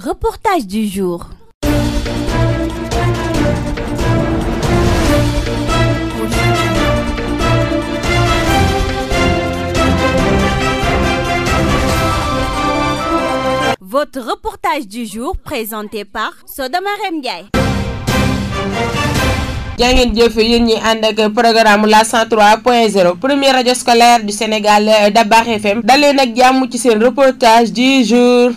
Reportage du jour. Votre reportage du jour présenté par Sodoma Ndiaye. jaa ngeen programme la 103.0 premier radio scolaire du Sénégal Dabar FM dalen ak jàmm ci reportage du jour.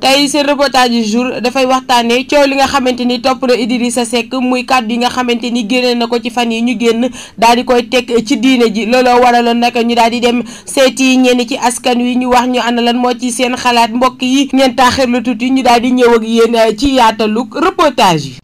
tey seen reportage du jour dafay waxtaanee coow li nga xamante ni topp na sa Seck muy kàddu yi nga xamante ni génne na ko ci fan yi ñu génn daal di koy teg ci diine ji looloo waraloon naka ñu daal di dem seeti ñenn ci askan wi ñu wax ñu ana lan moo ci seen xalaat mbokk yi ngeen taaxirlu tuuti ñu daal di ñëw ak yéen ci yaatalu reportage yi.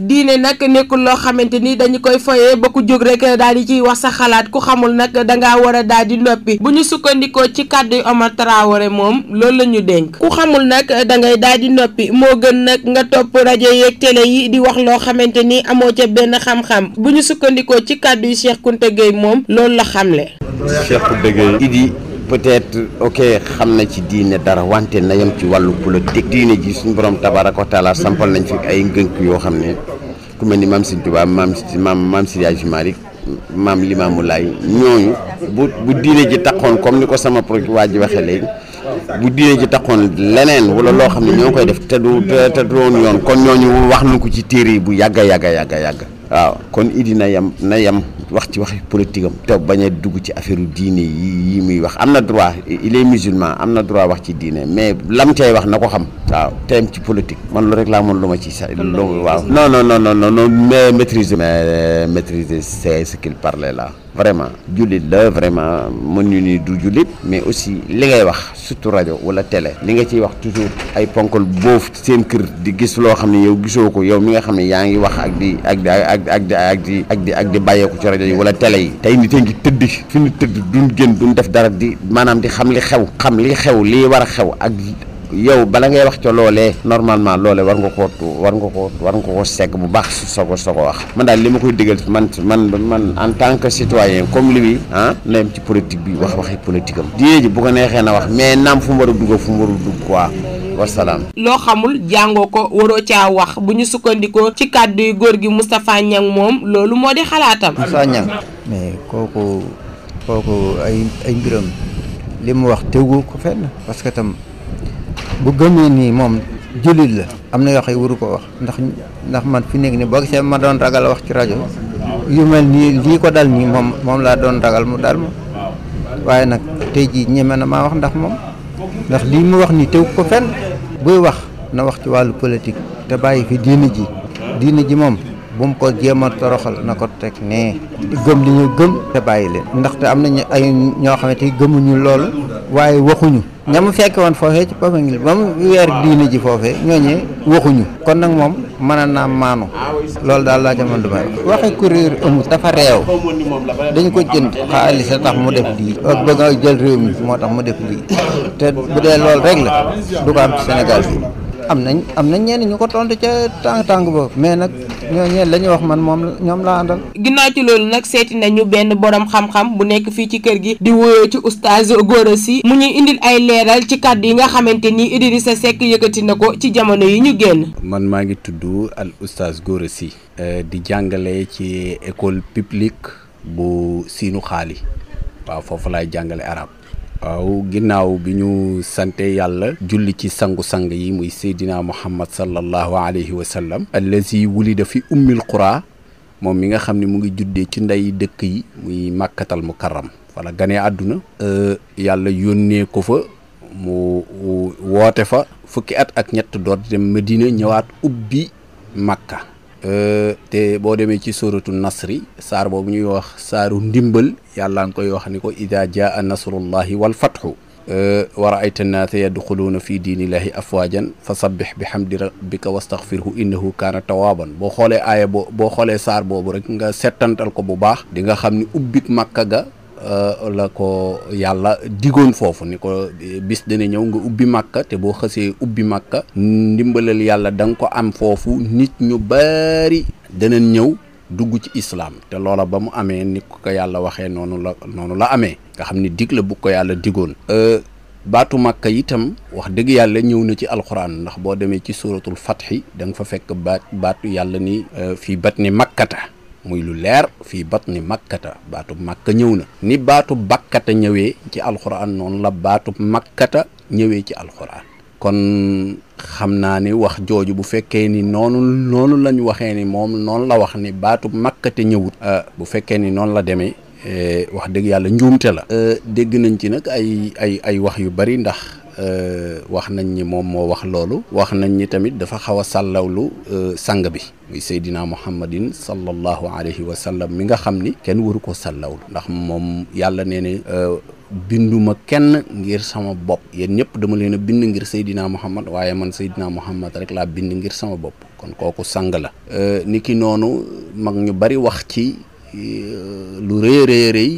diine nag nekkul loo xamante ni dañu koy foye bokk jóg rek daal di ciy wax sa xalaat ku xamul nag danga war a daal di noppi bu ñu sukkandikoo ci kàddu yu Omar Traoré moom loolu la ñu dénk ku xamul nag dangay daal di noppi moo gën nag nga topp rajo yeeg télé yi di wax loo xamante ni amoo ca benn xam-xam bu ñu sukkandikoo ci kàddu yu Cheikh Kounta Gueye moom loolu la xamle. Cheikh peut-être ok xam na ci diine dara wante na yam ci wàllu politique diine ji suñu borom tabaaraka wa taala sampal nañ fi ay ngënk yoo xam ne ku mel ni maam si Tuubaa maam maam maam Seydi Hadji Malick maam Limaamu Laay ñooñu bu bu diine ji taxoon comme ni ko sama projet waa ji waxee léegi bu diine ji taxoon leneen wala loo xam ne ñoo koy def te du te doon yoon kon ñooñu wax nu ko ci téere yi bu yàgga yàgga yàgga yàgg waaw kon idi na yem na yem wax politique a ci affaire yi yi muy wax droit il est musulman droit wax ci mais lam xam politique man rek non non non non non mais maîtriser mais euh, maîtriser c'est ce qu'il parlait là vraiment julit la vraiment mën ñu du julit mais aussi li ngay wax surtout radio wala télé li nga ciy wax toujours ay ponkol boof seen kër di gis loo xam ne yow gisoo yow mi nga xam ne yaa ngi wax ak di ak di ak di ak di ak di ak di bàyyeeku ci rajo yi wala télé yi tey nit a ngi tëdd fi ñu tëdd duñ génn duñ def dara di maanaam di xam li xew xam li xew li war a xew ak yow bala ngay wax ca loolee normalement loole war nga ko war nga koo war nga koo segg bu baax soo ko soo ko wax man daal li ma koy digal man man man en tant que citoyen comme lui ah na yem ci politique bi wax waxi politique am diine ji bu ko neexee na wax mais naam fu mu war a dugg fu mu war a dugg quoi wasalaam. loo xamul jàngoo ko waroo caa wax bu ñu sukkandikoo ci kàddu góor gi Moustapha Niang moom loolu moo di xalaatam. Moustapha Niang mais kooku kooku ay ay mbiram li mu wax tegu ko parce que tam. bu gëmee nii moom jullit la am na yoo xam ne waru ko wax ndax ndax man fi nekk nii boo gisee ma doon ragal wax ci rajo yu mel nii lii ko dal nii moom moom laa doon ragal mu dal ma waaye nag tey jii ñeme na maa wax ndax moom ndax lii mu wax nii tew ko fenn buy wax na wax ci wàllu politique te bàyyi fi diine ji diine ji moom bu mu ko jéem a toroxal na ko teg nee gëm li ñuy gëm te bàyyi leen ndaxte am nañu ay ñoo xamante ni gëmuñu loolu waaye waxuñu ñamu fekke woon foofee ci papangil ba mu weer diine ji foofee ñooñee waxuñu kon nag moom mën naa maanu loolu daal laa jamono dumay waxe kuréel amul dafa réew dañ ko jënd xaalis a tax mu def lii ak bëgg a jël réew mi moo tax mu def lii te bu dee lool rek la du ko am ci bi am nañ am ñu ko tontu ca tàng tàng ba mais ñooñee la ñu wax man moom ñoom laa àndal. ginnaaw ci loolu nag seeti nañu benn borom xam-xam bu nekk fii ci kër gi di wóyoo ci oustaz Gora Sy mu ñuy indil ay leeral ci kàdd yi nga xamante ni Idrissa Seck yëkkati na ko ci jamono yi ñu génn. man maa ngi tudd al oustaz Gora Sy. Eh, di jàngale ci école publique bu siinu xaali waaw foofu laay jàngale arab waaw ginnaaw bi ñu santee yàlla julli ci sangu-sang yi muy seydina muhammad sallallahu alayhi wa sallam allazi wulida fi ummil qura moom mi nga xam ne mu ngi juddee ci ndey dëkk yi muy màkkatal mukarram wala ganee àdduna e, yàlla yónnee ko fa mu woote fa fukki at ak ñett doot dem Medina ñëwaat ubbi màkka te bo démé ci suratul nasri sar bobu ñuy wax saru ndimbal yàlla ng koy wax ni ko ida jaa nasrullahi wal fathu wa raayta annaasa yadkhuluna fi diinillahi afwaajan fa sabbix bi rabbika wastaghfirhu innahu kana tawwaban bo xolé aaya bo xolé sar bobu rek nga sétantal ko bu baax di nga xamni ni ubbik màkka ga Euh, la ko yàlla digoon foofu ni ko bis dana ñëw nga ubbi màkka te boo xësee ubbi màkka ndimbalal yàlla da ko am foofu nit ñu bari danañ ñëw dugg ci islaam te loola ba mu amee ni ko yàlla waxee noonu la noonu la amee nga xam ni dig la bu ko yàlla digoon euh, baatu màkka itam wax dëgg yàlla ñëw na ci alxuraan ndax boo demee ci suuratul fatxi da nga fa fekk baat baatu yàlla ni euh, fii bat ni makkata muy lu leer fii batni makkata baatu makka ñëw na ni baatu bakkata ñëwee ci alxuraan noonu la baatu makkata ñëwee ci alxuraan kon xam naa ni wax jooju bu fekkee ni noonu noonu lañ waxee ni moom noonu la wax ni baatu makkate ñëwut euh, bu fekkee ni noonu la demee euh, wax dëgg yàlla njuumte la euh, dégg nañ ci nag ay ay ay wax yu bari ndax Euh, wax nañ ni moom moo wax loolu wax nañ ni tamit dafa xaw a sàllawlu euh, sang bi muy Seydina Muhammadin sallallahu alayhi wa sallam mi nga xam ni kenn waru ko sàllawlu ndax moom yàlla nee ne euh, binduma kenn ngir sama bopp yéen ñëpp dama leen bind ngir Seydina Muhammad waaye man Seydina Muhammad rek laa bind ngir sama bopp kon kooku sang la niki noonu mag ñu bari wax ci lu rëy rëy rëy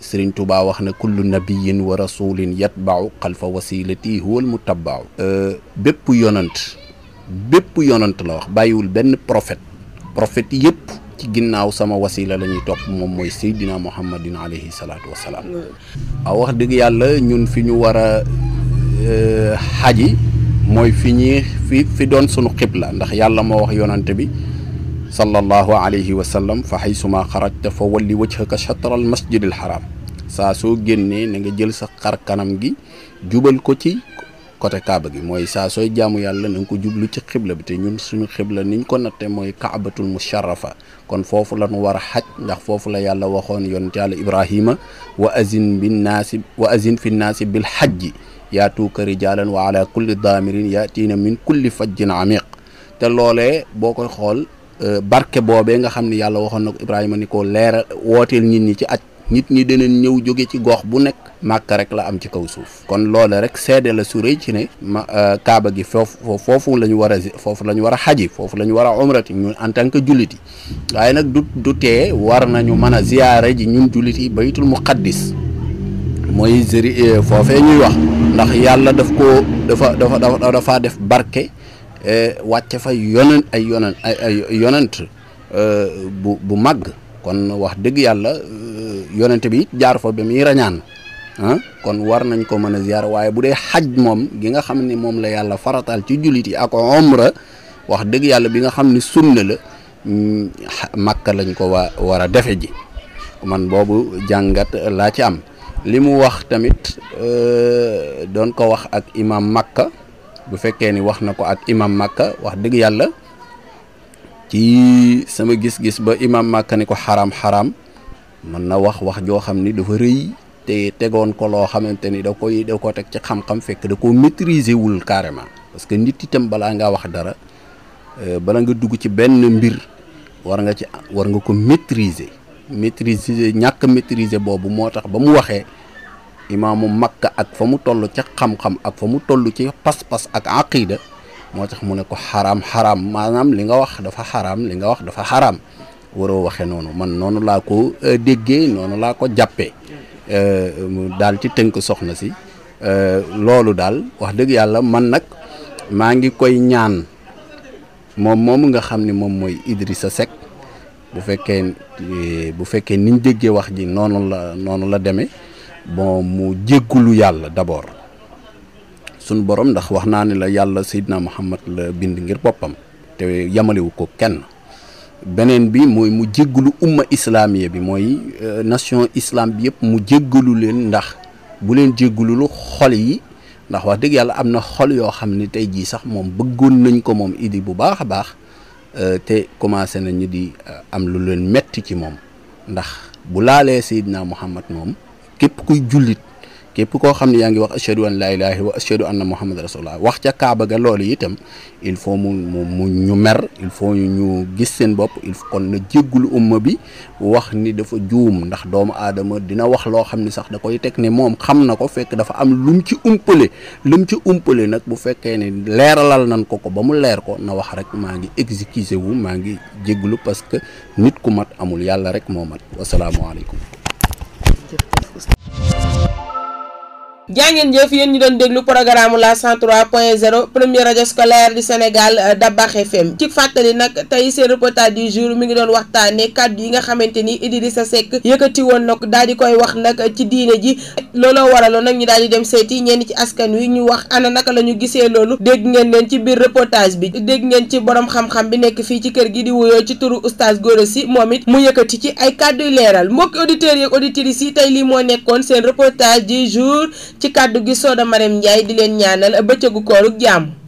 sëriñ Touba wax na kullu nabiyin wa rasulin yatba'u xalfa wasilati huwal mutabba'u euh, bépp yonant bépp yonant la wax bàyyiwul benn profet prophète yëpp ci ginnaaw sama wasila la ñuy topp moom mooy seydina muhammadin alayhi salaatu wasalaam awax wax dëgg yàlla ñun fi ñu war a euh, xaji mooy fi ñuy fi fi doon sunu xibla ndax yàlla moo wax yonante bi صلى الله عليه وسلم فحيثما خرجت فولي وجهك شطر المسجد الحرام ساسو جيني نيغا جيل سا خار كانام جي كو تي كوتا كابا جي موي ساسو جامو يالا نانكو جوبلو تي خيبلا بي تي نون سونو خيبلا نين كو ناتي موي كعبة المشرفة كون فوفو لا نوار حاج ناخ فوفو لا يالا واخون يونت يالا ابراهيم واذن بالناس واذن في الناس بالحج ياتوك رجالا وعلى كل ضامرين ياتين من كل فج عميق تا لولاي بوكو خول barke boobee nga xam ni yàlla waxoon na ko Ibrahima ni ko leeral wooteel nit ñi ci aj nit ñi danañ ñëw jóge ci gox bu nekk màkk rek la am ci kaw suuf kon loole rek seede la su ci ne ma euh, kaaba gi foofu foofu la ñu war a foofu la ñu war a xaji foofu la ñu war a omrati ñun en tant que jullit yi waaye nag du du tee war nañu mën a ziyaare ji ñun jullit yi baytul muqaddis mooy zëri euh, foofee ñuy wax ndax yàlla daf ko dafa dafa dafa def barke E, wàcce fa yonent ay yonent ay e, bu bu màgg kon wax dëgg yàlla e, yonent bi jaar fa ba muy rañaan kon war nañ ko mën a ziar waaye bu dee xaj moom gi nga xam ni moom la yàlla faratal ci jullit yi ak omra wax dëgg yàlla bi nga xam ni sunna la mm, makka lañ ko wa war a defe ji man boobu jàngat laa ci am li mu wax tamit doon ko wax ak imam makka bu fekke ni wax nako ko ak imam makka wax deug yalla ci sama gis-gis ba imam makka ni ko haram haram man na wax wax jo xamni dafa reuy te tegon ko lo xamanteni do da koy da ko tek ci xam-xam fekk da ko maîtriser wul carrément parce que nit itam bala nga wax dara euh, bala nga dugg ci ben mbir war nga ci war nga ko maîtriser maîtriser ñak maîtriser bobu motax ba mu imaamu makka ak fa mu toll ca xam-xam ak fa mu toll ci pas-pas ak aqida moo tax mu ne ko xaraam xaram maanaam li nga wax dafa xaraam li nga wax dafa xaram waroo waxee noonu man noonu laa ko euh, déggee noonu laa ko jàppee euh, daal ci tënk soxna si euh, loolu daal wax dëgg yàlla man nag maa ngi koy ñaan moom moom nga xam ni moom mooy Idrissa Seck bu fekkee bu fekkee niñ déggee wax ji noonu la noonu la demee bon mu jéggulu yàlla d'abord sunu borom ndax wax naa ne la yàlla Seydina Muhammad la bind ngir boppam te yamalewu ko kenn beneen bi mooy mu jéggulu umma islaamiya bi mooy euh, nation islam bi yëpp mu jéggalu leen ndax bu leen jéggululu xol yi ndax wax dëgg yàlla am na xol yoo xam ne tey jii sax moom bëggoon nañ ko moom idi bu baax a baax euh, te commencé nañu di euh, am lu leen metti ci moom ndax bu laalee Seydina Muhammad moom képp kuy jullit képp koo xam ne yaa ngi wax ashhadu an laa ilaaha wa ashhadu anna muhammad rasulullah wax ca kaaba ga loolu itam il faut mu mu ñu mer il faut ñu gis seen bopp il faut kon na jéggul uma bi wax ni dafa juum ndax doomu aadama dina wax loo xam ni sax da koy teg ne moom xam na ko fekk dafa am lum ci umpale lum ci umpale nag bu fekkee ne leeralal nan ko ko ba mu leer ko na wax rek maa ngi excusez-vous maa ngi jégglu parce que nit ku mat amul yàlla rek moo mat wasalaamualeykum jàngeen jëf yéen ñu doon déglu programme la 103 point 0 première rajo scolaire du Sénégal euh, Dabakh FM ci fàttali nag tey seen reportage du jour mi ngi doon waxtaanee kàddu yi nga xamante ni di sa Seck yëkkati woon nag daal di koy wax nag ci diine ji looloo waraloo nag ñi daal di dem seeti ñenn ci askan wi ñu wax ana naka la ñu gisee loolu dégg ngeen leen ci biir reportage bi dégg ngeen ci borom xam-xam bi nekk fii ci kër gi di wuyoo ci turu oustaz Gora Sy moom it mu yëkkati ci ay kàddu leeral mbokki auditeurs yeeg auditrices yi tey lii moo nekkoon seen reportage du jour ci kàddu gi Soda Marème Ndiaye di leen ñaanal bëccëgu kooruk jaam